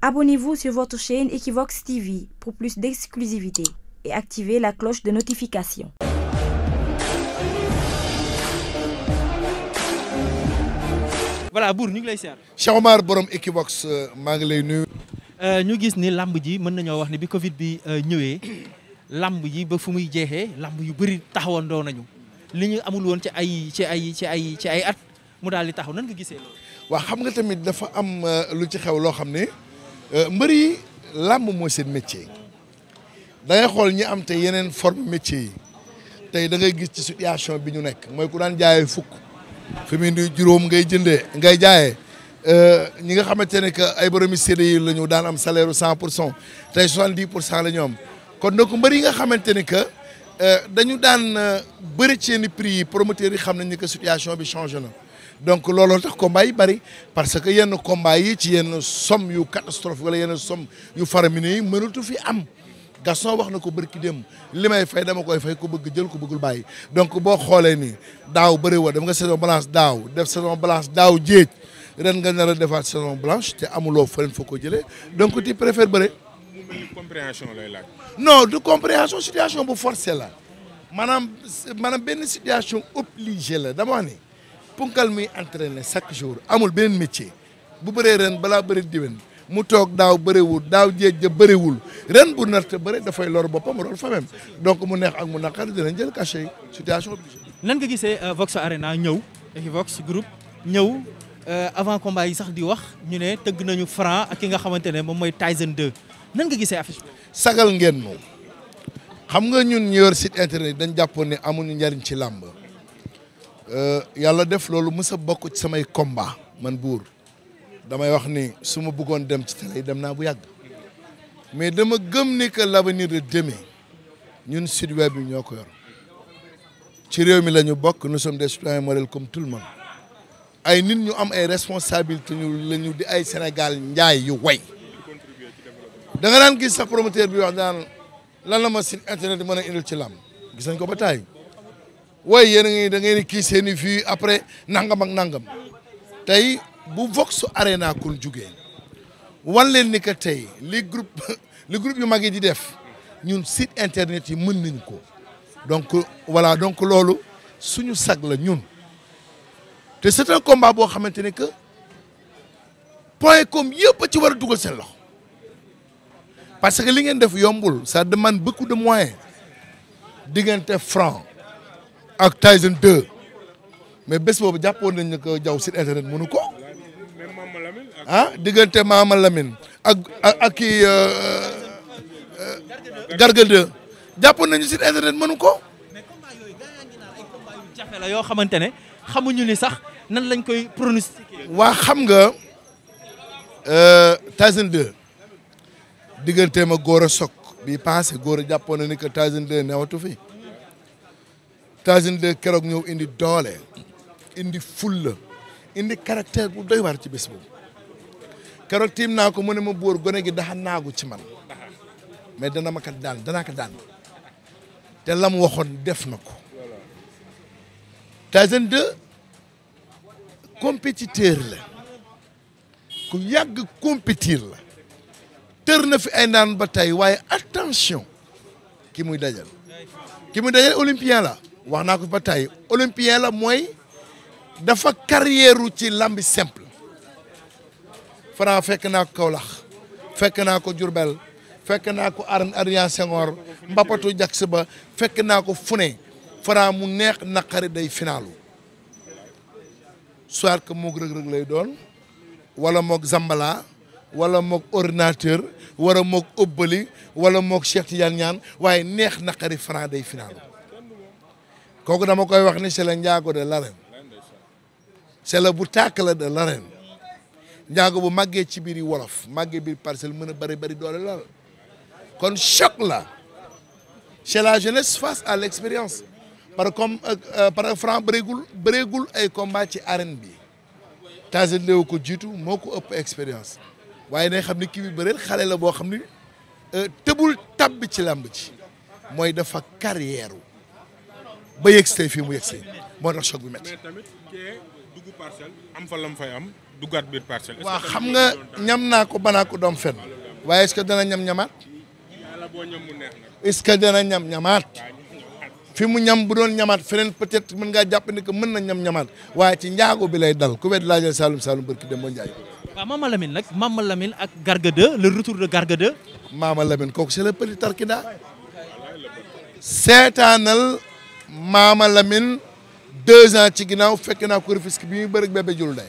Abonnez-vous sur votre chaîne Equivox TV pour plus d'exclusivité et activez la cloche de notification. voilà Bour ñu ngi lay seetlu. Cheikh borom Equivox euh, maa ngi lay nuyu. Euh, ñu gis ni làmb ji mën nañoo wax ni bi Covid bi euh, ñëwee làmb ji ba fu muy jeexee làmb yu bari taxawandoo nañu li ñu amul woon ci ay ci ay ci ay ci ay at mu daal di taxaw nan nga gisee loolu. waaw xam nga tamit dafa am lu ci xew loo xam ne. Euh, mbër yi làmb mooy seen métier da xool ñi am te yeneen forme métier tey da ngay gis ci situation bi ñu nekk mooy ku daan jaayee fukk fi juróom ngay jëndee ngay jaayee euh, ñi nga xamante ne que ay boromi séddé yi la ñu daan am salaire cent pour cent tey soixante dix pour cent la ñu am kon donc mbëri yi nga xamante ne que euh, dañu daan bëri ci yenn prix yi promoteurs yi xam nañ ni que situation bi changé na. donc looloo tax komba yi bari parce que yenn combat yi ci yenn somme yu catastrophe wala yenn somme yu faramineux yi mënatu fi am Gaston wax na ko bërki dem li may fay dama koy fay ku bëgg jël ku bëggul bàyyi donc boo xoolee ni daaw bëri woo dem nga saison blanche daaw def saison blanche daaw jéej ren nga nar a defaat saison blanche te amuloo feneen foo ko jëlee donc tu préfères bëre. compréhension lay laaj. non du compréhension situation bu forcé la maanaam maanaam benn situation obligée la dama wax ni. punkal muy entraîné chaque jour amul benn métier bu baree ren balaa bëri diwen mu toog daaw bëriwul daaw jéej ja bëriwul ren bu narte bëri dafay lor boppam lool fa même donc mu neex ak mu naqar dinañ jël cachet yi situation obligée. nan nga gisee euh, Vox Arena ñëw Equivox groupe ñëw euh, avant combat yi sax di wax ñu ne tëgg nañu Franc ak ki nga xamante ne moom mooy Tyson 2 nan nga gisee affiche sagal ngeen moom xam nga ñun ñu yor site internet dañ jàppoon ne ñu njariñ ci làmb Euh, yàlla def loolu mës a bokk ci samay combat man buur damay wax ni suma ma dem ci télé dem naa bu yàgg mais dama gëm ni que l'avenir de demain ñun sud web bi ñoo ko ci réew mi lañu bokk nu sommes des citoyens modèles comme tout le monde ay nit ñu am ay responsabilité ñu la ñu di ay Sénégal njaay yu way da nga daan gis sax promoteur bi wax daan lan la ma site internet mën a indil ci lam gis nañ ko ba tàyyi waaye yéen a ngi da ngeen kii seen i vues après nangam ak nangam tey bu Vox Arena kon jugee wan leen ni que tey li groupe li groupe yu mag yi di def ñun site internet yi mën nañ ko donc voilà donc loolu suñu sag la ñun te c'est un combat boo xamante ni que point com yëpp a ci war a dugal seen loxo parce que li ngeen def yombul sa demande beaucoup de moyens diggante franc ak Tyson 2 mais bés boobu jàppoon nañ ne que jaww si internet mënu ko ah diggante Mama lamin ak ak kii euh, euh, Garga 2 jàppoon nañu si internet mënu ko. jafe yoo xamante ne xamuñu ni sax nan lañ koy pronostiquer. waa xam nga euh, Tyson 2 digganteem ak goor a sok bi paase góor a jàppoon na ni que Tyson 2 newatu fi. Tyson de keroog ñëw indi doole indi fulla indi caractère bu doy waar ci bés boobu keroog tiim naa ko mu ne ma buur gone gi naa naagu ci man mais dana ma kat daan danaa ko daan te lam waxoon def na ko Tyson 2 compétiteur la ku yàgg compétir la tër na fi ay naan ba tey waaye attention ki muy dajal ki muy dajal olympien wax naa ko ba tey olympien la mooy dafa carrière ci lambi simple Franc fekk naa ko Kaolack fekk naa ko Diourbel fekk naa ko ar Adrien Senghor mbapatu jaks ba fekk naa ko fune Franc mu neex naqari day finaalu soit que moog rëg-rëg lay doon wala moog Zambala wala moog ordinateur wala moog ëbbali wala moog Cheikh Tidiane Niane waaye neex naqari Franc day finaalu kooku dama koy wax ni c'est le Ndiago de l'arène bu tàkk la de l'arène Ndiago bu màggee ci biir wolof màggee biir parcelle mën a bari bëri doole lool kon choc la c'est la jeunesse face à l'expérience par comme euh, par franc bëreegul ay combat ci arène bi Tyson Léo ko jiitu moo ko ëpp expérience waaye day xam ni kii bi bëreel xale la boo xam ni euh, tëbul tab bi ci làmb ci mooy dafa carrière ba yegg see fii mu yegg see moo tax choc bi métti. mais tamit kee am fa lam fay am duggaat biir parcelle. waaw xam nga ñam naa ko banaa ko doom fen waaye est dana ñam ñamaat. est-ce que dana ñam ñamaat. fi mu ñam bu doon ñamaat feneen peut-être mën ngaa jàpp ni que mën na ñam ñamaat waaye ci njaago bi lay dal ku wet laajal Saloum Saloum barki dem ba Ndiaye. waaw Mama Lamine nag Mama Lamine ak Garga 2 le retour de Garga 2. Mama Lamine kooku c'est le petit tarkida seetaanal. la Lamine deux ans ci ginnaaw fekk naa ko Rufisque bi muy bëri bébé jul day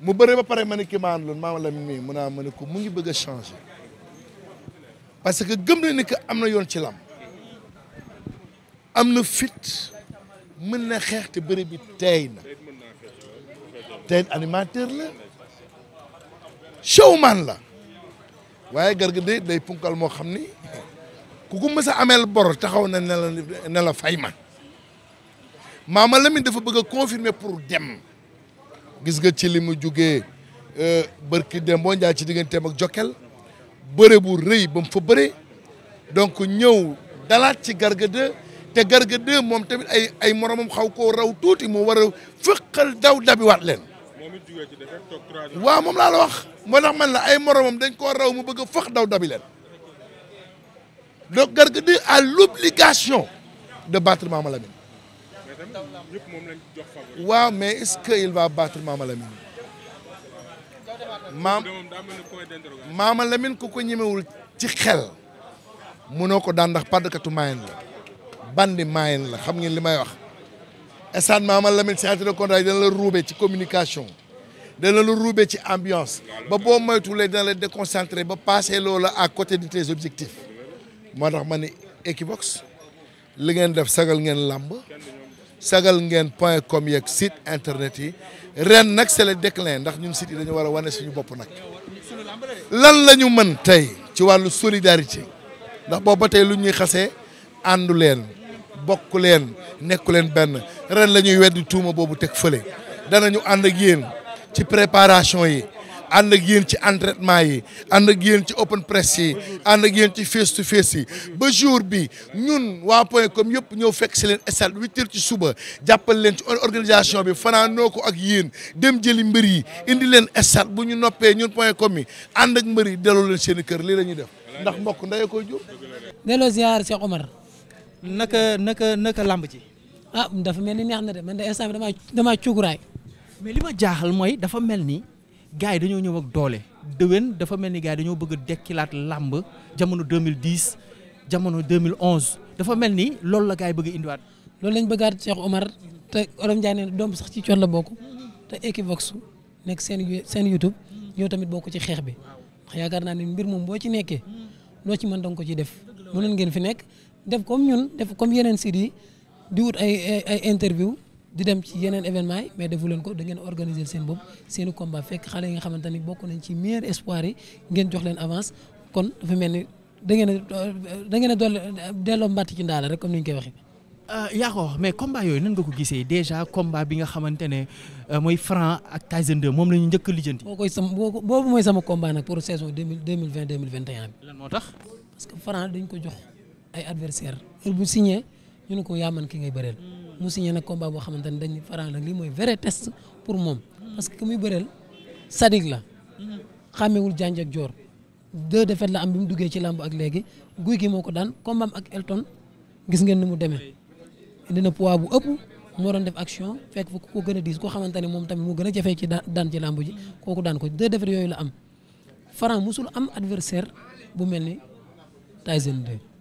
mu bëri ba pare ma ne kii maa àndaloon maama Lamine mii mu naa ma ne ko mu ngi bëgg changer parce que gëm na ni que am na yoon ci lam am na fit mën na xeex te bëri bi tey na tey animateur la showman la waaye garga de day punkal moo xam ni ku ko mës a ameel bor taxaw na ne la ne la fay ma Mama Lamine dafa bëgg a confirmer pour dem gis nga ci li mu jugee euh, bërki dem boo njaay ci digganteem ak Jokal bëre bu rëy ba mu fa bëre donc ñëw dalaat ci Garga 2 te Garga 2 moom tamit ay ay moromam xaw koo raw tuuti mu war a fëqal daw dabiwaat leen. waaw moom laa la wax moo tax man la ay moromam dañ koo raw mu bëgg a fëq daw dabi leen. donc Garga 2 a l'obligation de battre Mama waaw mais est-ce que il va battre Mama Lamine. maam Mama ku ko ñemewul ci xel. mënoo ko daan ndax paddkatu maayen la. bandi maayen la xam ngeen li may wax. esaan Mama Lamine signature de contrat dina la ruube ci communication. dana la ruube ci ambiance. ba boo moytuwulee dina la déconcentré ba passé loola a côté de tes objectifs. moo tax ma ni Equivox li ngeen def sagal ngeen làmb sagal ngeen point com yeeg site internet yi ren nag c'est le déclin ndax ñun site yi dañu war a wane suñu bopp nag lan la ñu mën tey ci wàllu solidarité ndax boobu ba tey lu ñuy xasee àndu leen bokk leen nekku leen benn ren la ñuy weddi tuuma boobu teg fële danañu ànd ak yéen ci préparation yi ànd ak yéen ci entraînement yi ànd ak yéen ci open press yi ànd ak yéen ci face to face yi ba jour bi ñun waa point comme yëpp ñëw fekk si leen stade huit heures ci suba jàppal leen ci organisation bi fanaanoo ko ak yéen dem jëli mbër yi indi leen stade bu ñu noppee ñun point comme yi ànd ak mbër yi delloo leen seeni kër lii la def ndax mbokk ndey koy jur. delloo ziar Cheikh Omar. naka naka naka làmb ci. ah dafa mel ni neex na de man de instant bi damaa mais li ma jaaxal mooy dafa mel ni. gars yi dañoo ñëw ak doole déwén dafa mel ni gars dañoo bëgg a dekkilaat làmb jamono 2010 jamono 2011 dafa mel ni loolu la gars yi bëgg a indiwaat. loolu lañ bëggaat Cheikh Omar te Olam Ndiaye doom sax ci coon la bokk te Equivox nekk seen seen YouTube ñoo tamit bokk ci xeex bi ndax yaakaar naa ni mbir moom boo ci nekkee loo ci mën danga ko ci def mënoon ngeen fi nekk def comme ñun def comme yeneen sites yi di wut ay ay interview di dem ci yeneen événement yi mais defu ko da ngeen organiser seen bopp seeni combat fekk xale yi nga xamante bokk nañ ci meilleur espoir yi ngeen jox leen avance kon dafa mel ni da ngeen a da ngeen a delloo mbàtt ci ndaala rek comme ni koy euh, wax mais combat yooyu nan nga ko gisee déjà combat bi nga xamante ne euh, mooy Franc ak Tyson 2 moom la ñu njëkk a boo koy sama boobu mooy sama combat nag pour saison deux mille deux vingt deux mille vingt et moo tax. parce que dañ ko jox ay adversaire heure bu signé. ñu ne ko yaa ki ngay bëreel mu signé nag combat boo xamante ne dañ Franc nag lii mooy vrai test pour moom parce que ku muy bëreel sadik la xàmmewul janj ak joor deux défaites la am bi mu duggee ci làmb ak léegi guy gi moo ko daan combat ak Elton gis ngeen ni mu demee dina poids bu ëpp moo doon def action fekk ku ko gën a diis koo xamante ne moom tamit moo gën a jafee ci daan ci làmb ji kooku daan ko deux yooyu la am Franc musul am adversaire bu mel ni Tyson 2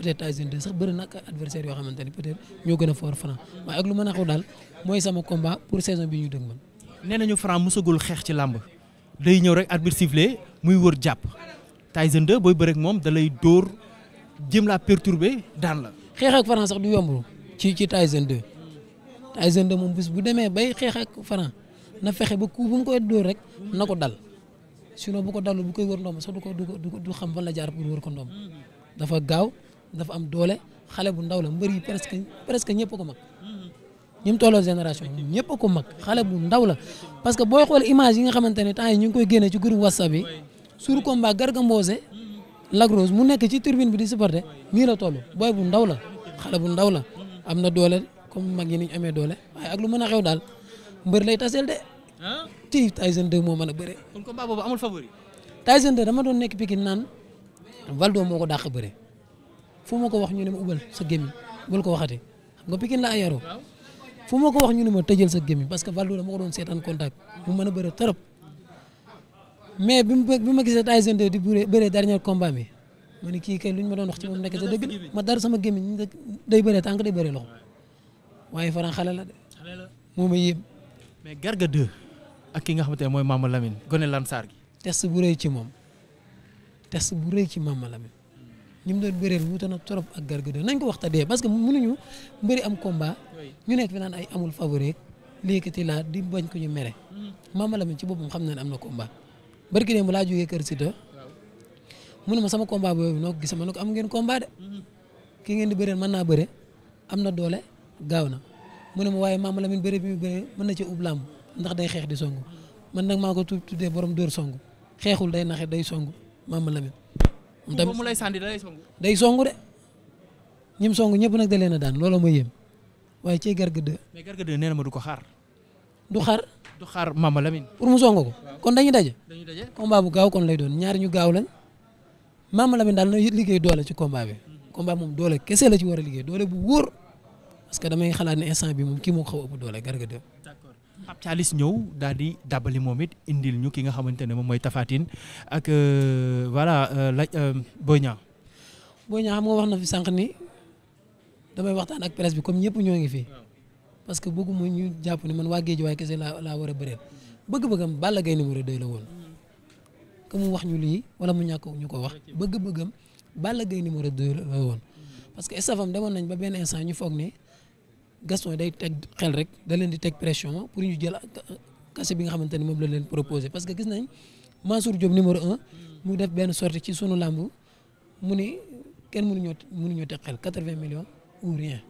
peut être Tyson 2 sax bëri na ak adversaire yoo xamante ne peut être ñoo gën a fort Franc waaye ak lu mën a xaw daal mooy sama combat pour saison bi ñu dëg man nee nañu Franc mosagul xeex ci làmb day ñëw rek arbitre muy wër jàpp Tyson 2 booy bëreek moom da lay dóor jëm laa perturbé daan la. xeex ak Franc sax du yomb ci ci Tyson 2 Tyson 2 moom bis bu demee bay xeex ak na fexe ba ku bu mu koy dóor rek na ko dal sinon bu ko bu koy wër ndoom sax du ko du ko dafa am doole xale bu ndaw la mbër yi presque presque ñëpp ko mag ñi mu tolloo génération ñëpp ko mag xale bu ndaw la parce que booy xool image yi nga xamante ne temps yi ñu ngi koy génne ci groupe whatsapp yi sur combat Garga Mbossé mu nekk ci tribune bi di supporter nii la toll booy bu ndaw la xale bu ndaw la am na doole comme mag yi ni ñu amee doole waaye ak lu mën a xew daal mbër lay taseel de ci Tyson 2 moo mën a bëre. kon combat amul favori. Tyson dama doon nekk Pikine naan Valdo moo ko dàq bëre. fu ma ko wax ñu ne ma ubal sa gémmiñ bul ko waxati xam nga Pikine laa yaroo fu ma ko wax ñu ne ma tëjël sa gémmiñ parce que Valdo dama ko doon seetaan contact mu mën a bëre trop mais bi bi ma gisee Tyson 2 di bëree bëree dernier combat bi ma ne kii kay lu ñu ci moom nekk sa ma dar sama gémmiñ day bëree tànk day bëree loxo waaye Franc xale la de moo ma mais Garga 2 ak ki nga xamante ne mooy Mama Lamine gone Lansar gi. test bu rëy ci moom test bu ci Mama Lamine. ñi mu doon bëreel wuute na trop ak Garga 2 nañ ko waxtaanee parce que mënuñu mbëri am combat ñu nekk fi naan ay amul lii léegi laa di bañ ko ñu mere mm-hmm. Mama Lamine ci boppam xam na ne am na ki barki démb laa jógee kër da mu ne ma sama combat boobu noo gis ma ne ko am ngeen komba de mm-hmm. ki ngeen di bëreel man naa bëre am na doole gaaw na mu ne ma waaye Mama Lamine bëre bi mu bëre mën na ci ub làmb ndax day xeex di songu man nag maa ko tuddee borom dóor songu xeexul day naxe day songu Mama Lamine tamit mu lay sànni da lay songu. day songu de ñim songu ñëpp nag da leen daan looloo ma yem waaye ci Garga 2. mais Garga 2 nee na ma du ko xaar. du xar du xaar Mama Lamine. pour mu songu ko kon dañuy daje. dañuy daje combat bu gaaw kon lay doon ñaar ñu gaaw lañ Mama Lamine daal na liggéey doole ci combat bi. Mhm. combat moom doole kese la ci war a liggéey doole bu wóor parce que damay xalaat ne instant bi moom kii moo xaw bu ëpp doole Garga Pape Thialis ñëw daal di dabali moom it indil ñu ki nga xamante ne moom mooy Tafatine ak euh, voilà euh, laaj euh, Boy Niang. Boy Niang xam nga wax na fi sànq ni damay waxtaan ak presse bi comme ñëpp ñoo ngi fi. parce que bëgguma ñu jàpp ne man waa géej waaye kese laa laa war a bëreel bëgg-bëggam Balla Gaye numéro 2 la woon. que wax ñu lii wala mu ñàkk ñu ko wax bëgg-bëggam Balla Gaye numéro 2 la woon. parce que estafam demoon nañ ba benn instant ñu foog ne. Gaston day teg xel rek da leen di teg pression pour ñu jël cachet bi nga xamante ni moom la leen proposé parce que gis nañ Mansour Diop numéro en mu def benn sortie ci sunu làmb mu ni kenn mënuñoo mënuñoo teg xel quatre-vingts millions ou rien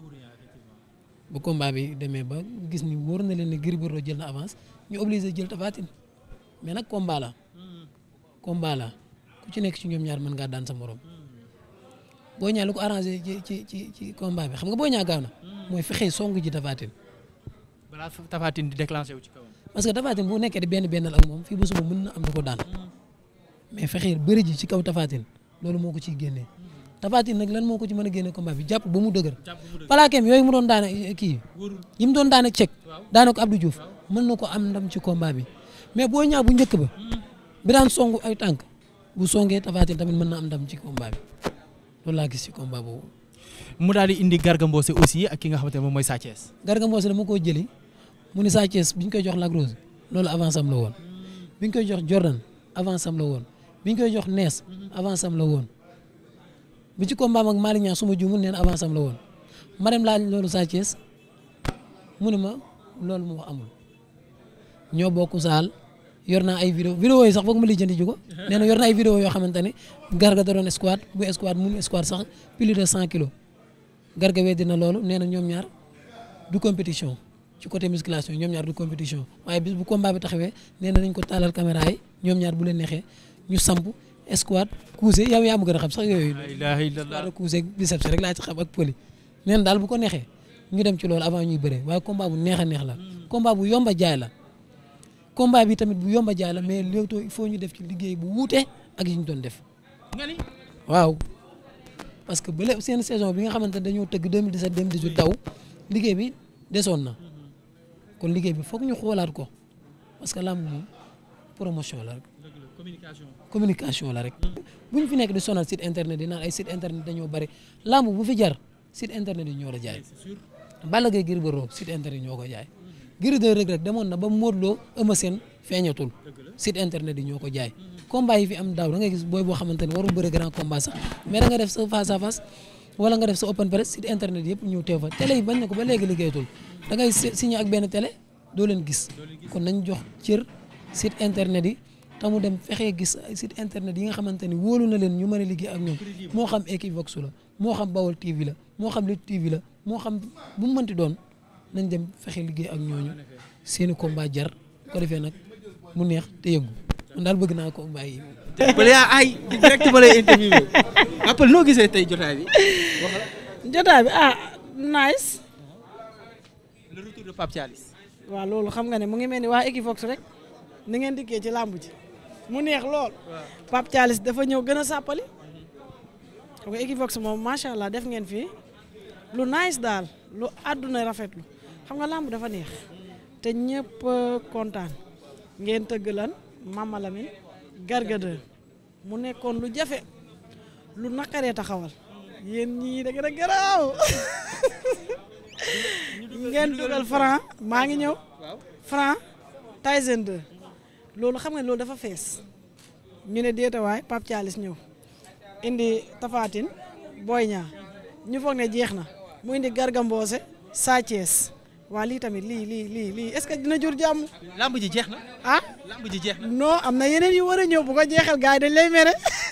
bu combat bi demee ba gis ni wóor na leen ne Gris jël na avance ñu obligé jël Tapha Tine mais nag combat la hmm. combat la ku ci nekk ci ñoom ñaar mën ngaa daan sa morom. Boy Niang lu ko arrangé ci ci ci ci combat bi xam nga Boy Niang gaaw na mooy fexe songu ji Tapha Tine. balaa Tapha Tine wu ci kawam. parce que Tapha Tine bu nekkee di benn bennal ak moom fii ba suba mën na am lu ko daan mais fexe bëri ji ci kaw Tapha loolu moo ko ci génnee. Tapha nag lan moo ko ci mën a génne combat bi jàpp ba mu dëgër. palaakeem yooyu mu doon daane kii yi mu doon daane cek daane ko Abdou Diouf mën na ko am ndam ci combat bi mais Boy ñaa bu njëkk ba hmm. bi daan songu ay tànk bu songee Tapha Tine tamit mën na am ndam ci combat bi. loolu laa gis ci combat boobu. mu daal indi Garga aussi ak ki nga xamante ne moom mooy Sa Thiès. mu ni Sa Thiès bi ñu koy jox Lac Rose loolu avance am la woon bi koy jox Jordan avance la woon bi ñu koy jox Nees avance am la woon bi ci combat am ak Malick Niang su neen avance la woon ma dem laaj loolu Sa Thiès mu ne ma loolu mu wax amul ñoo bokk saal. yor naa ay vidéo vidéo yi sax foog ma lijjanti ji ko nee na yoo xamante ne garga da doon squat bu squat mënu squat sax plus de cent kilos garga weddi na loolu nee na ñoom ñaar du compétition ci côté musculation ñoom ñaar du compétition waaye bis bu combat bi taxawee nee na nañ ko taalal caméra yi ñoom ñaar bu leen neexee ñu samp squat cousé yow yaa ma gën a xam sax yooyu squat cousé biceps rek laa ci xam ak poli nee na daal bu ko neexee ñu dem ci loolu avant ñu bëre waaye combat bu neex a neex la mm. combat yomba jaay la combat bi tamit bu yomba jaay la mais Leewtoo il faut ñu def ci liggéey bu wuute ak yi ñu doon def. waaw parce que ba seen saison bi nga xamante ne dañoo tëgg 2017 2018 daw liggéey bi desoon na kon liggéey bi foog ñu xoolaat ko parce que làmb la rek. communication la rek. bu ñu fi nekk di sonal site internet yi naan ay site internet dañoo bari làmb bu fi jar site internet yi ñoo la jaay. Balla Gaye Gris Bordeaux site internet ñoo ko jaay. Gris 2 Reug Reug demoon na ba Modou Lo Eumeu Sène feeñatul site internet yi ñoo ko jaay combat yi fi am daaw da nga gis booy boo xamante ne waru bëre grand combat sax mais da nga def sa face à face nga def sa open press site internet yëpp ñëw teew fa télé yi na ko ba léegi liggéeyatul da ngay signé benn télé doo leen gis kon nañ jox cër sit internet yi te mu dem fexee gis site internet yi nga xamante ni wóolu na leen ñu mën a liggéey ak ñoom moo xam Equivox la moo xam Bawol TV la moo xam Lutte TV la moo xam bu mu mënti doon nañ dem fexe liggéey ak ñooñu seeni combat jar ko defee nag mu neex te yëngu man daal bëgg naa combat yi. bële yaa ay direct gisee tey jotaay bi. jotaay bi ah nice. waaw loolu xam nga ne mu ngi mel ni waa Equivox rek ni ngeen dikkee ci làmb ji mu neex lool. Pape dafa ñëw gën a sàppali. xam moom macha allah def ngeen fii lu nice daal lu àdduna rafet rafetlu. xam nga làmb dafa neex te ñëpp euh, kontaan ngeen tëgg lan Mama Garga 2 mu nekkoon lu jafe lu naqaree taxawal yéen ñii da gën a garaaw ngeen dugal Franc maa ngi ñëw Franc Tyson 2 loolu xam nga loolu dafa fees ñu ne déetawaay Pape Thialis ñëw indi Tapha booy Boy Niang ñu foog ne jeex na mu indi Garga Mbossé Sa Thiès waa lii tamit lii lii lii lii est-ce que dina jur jàmm. lamb ji jeex na. ah lamb ji jeex na. non am na yeneen yu war a ñëw bu ko jeexal gars yi dañ